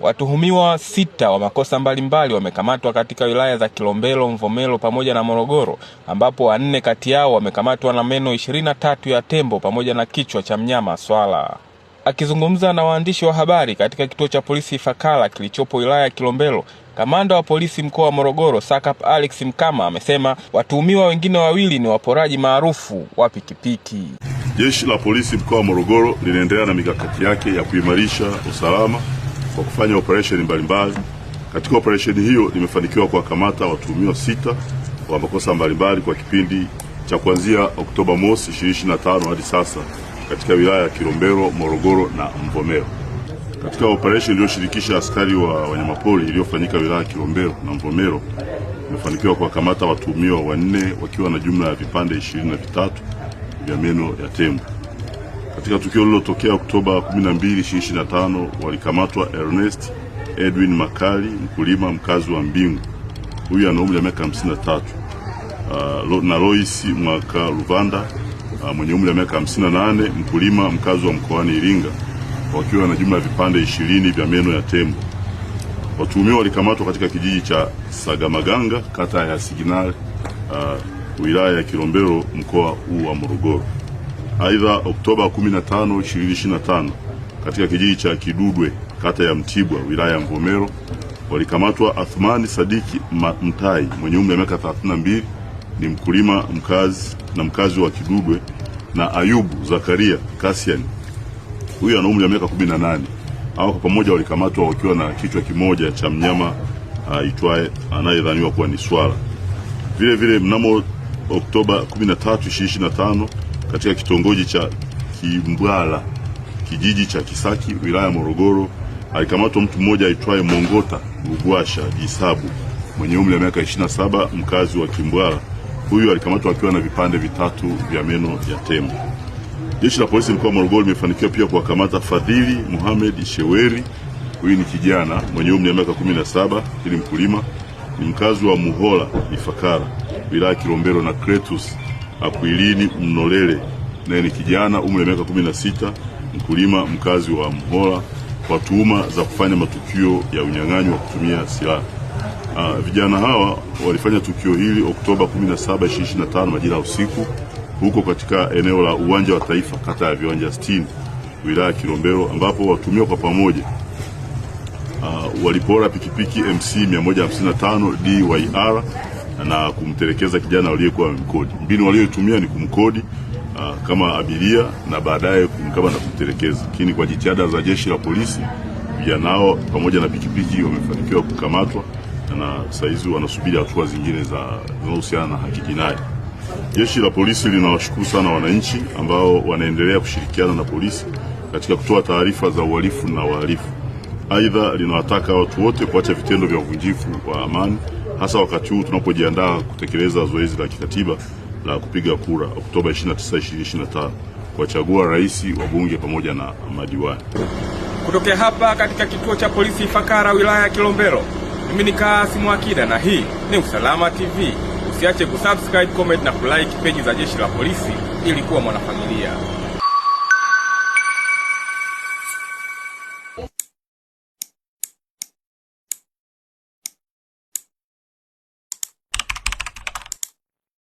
Watuhumiwa sita wa makosa mbalimbali wamekamatwa katika wilaya za Kilombero, Mvomero pamoja na Morogoro ambapo wanne kati yao wamekamatwa na meno ishirini na tatu ya tembo pamoja na kichwa cha mnyama swala. Akizungumza na waandishi wa habari katika kituo cha polisi Ifakara kilichopo wilaya ya Kilombero, kamanda wa polisi mkoa wa Morogoro Sakap Alex Mkama amesema watuhumiwa wengine wawili ni waporaji maarufu wa pikipiki. Jeshi la polisi mkoa wa Morogoro linaendelea na mikakati yake ya kuimarisha usalama kwa kufanya operesheni mbalimbali. Katika operesheni hiyo limefanikiwa kuwakamata watuhumiwa sita wa makosa mbalimbali kwa kipindi cha kuanzia Oktoba mosi 2025 hadi sasa katika wilaya ya Kilombero, Morogoro na Mvomero. Katika operesheni iliyoshirikisha askari wa wanyamapori iliyofanyika wilaya ya Kilombero na Mvomero, imefanikiwa kuwakamata watuhumiwa wanne wakiwa na jumla ya vipande 23 vya meno ya tembo. Katika tukio lililotokea Oktoba 12, 2025 walikamatwa Ernest Edwin Makali, mkulima mkazi wa Mbingu, huyu ana umri wa miaka 53, uh, ah, na lois Mwaka Luvanda uh, mwenye umri wa miaka 58, mkulima mkazi wa mkoani Iringa, wakiwa na jumla ya vipande 20 vya meno ya tembo. Watuhumiwa walikamatwa katika kijiji cha Sagamaganga, kata ya signal uh, ah, wilaya ya Kilombero, mkoa huu wa Morogoro. Aidha, Oktoba 15, 2025 katika kijiji cha Kidudwe kata ya Mtibwa wilaya ya Mvomero walikamatwa Athmani Sadiki Mtai mwenye umri wa miaka 32 ni mkulima mkazi na mkazi wa Kidudwe na Ayubu Zakaria Kasian huyu ana umri wa miaka 18. Hao kwa pamoja walikamatwa wakiwa na kichwa kimoja cha mnyama ah, aitwaye uh, anayedhaniwa kuwa ni swala. Vile vile mnamo Oktoba 13, 2025 katika kitongoji cha Kimbwala kijiji cha Kisaki wilaya Morogoro alikamatwa mtu mmoja aitwaye Mongota rugwasha Jisabu mwenye umri wa miaka 27 mkazi wa Kimbwala. Huyu alikamatwa akiwa na vipande vitatu vya meno ya tembo. Jeshi la polisi mkoa wa Morogoro limefanikiwa pia kuwakamata Fadhili Muhamed Sheweri. Huyu ni kijana mwenye umri wa miaka 17, ili mkulima, ni mkazi wa Muhola Ifakara wilaya Kilombero na Kretus Akwilini Mnolele, naye ni kijana umri wa miaka 16, mkulima mkazi wa Mhola kwa tuhuma za kufanya matukio ya unyang'anyi wa kutumia silaha. Uh, vijana hawa walifanya tukio hili Oktoba 17, 2025 majira ya usiku huko katika eneo la uwanja wa Taifa kata ya Viwanja 60 wilaya ya Kilombero ambapo watumiwa kwa pamoja uh, walipora pikipiki MC 155 DYR na kumtelekeza kijana aliyekuwa wamemkodi. Mbinu walioitumia ni kumkodi uh, kama abiria na baadaye kumkaba na kumtelekeza, lakini kwa jitihada za jeshi la polisi vijana hao pamoja na pikipiki wamefanikiwa kukamatwa na saizi wanasubiri hatua zingine za zinazohusiana na haki jinai. Jeshi la polisi linawashukuru sana wananchi ambao wanaendelea kushirikiana na polisi katika kutoa taarifa za uhalifu na wahalifu. Aidha, linawataka watu wote kuacha vitendo vya uvunjifu wa amani hasa wakati huu tunapojiandaa kutekeleza zoezi la kikatiba la kupiga kura Oktoba 29, 2025 kuwachagua rais, wabunge pamoja na madiwani. Kutokea hapa katika kituo cha polisi Ifakara, wilaya ya Kilombero, mimi ni Kaasimu Akida na hii ni Usalama TV. Usiache kusubscribe, comment na kulike peji za Jeshi la Polisi ili kuwa mwanafamilia.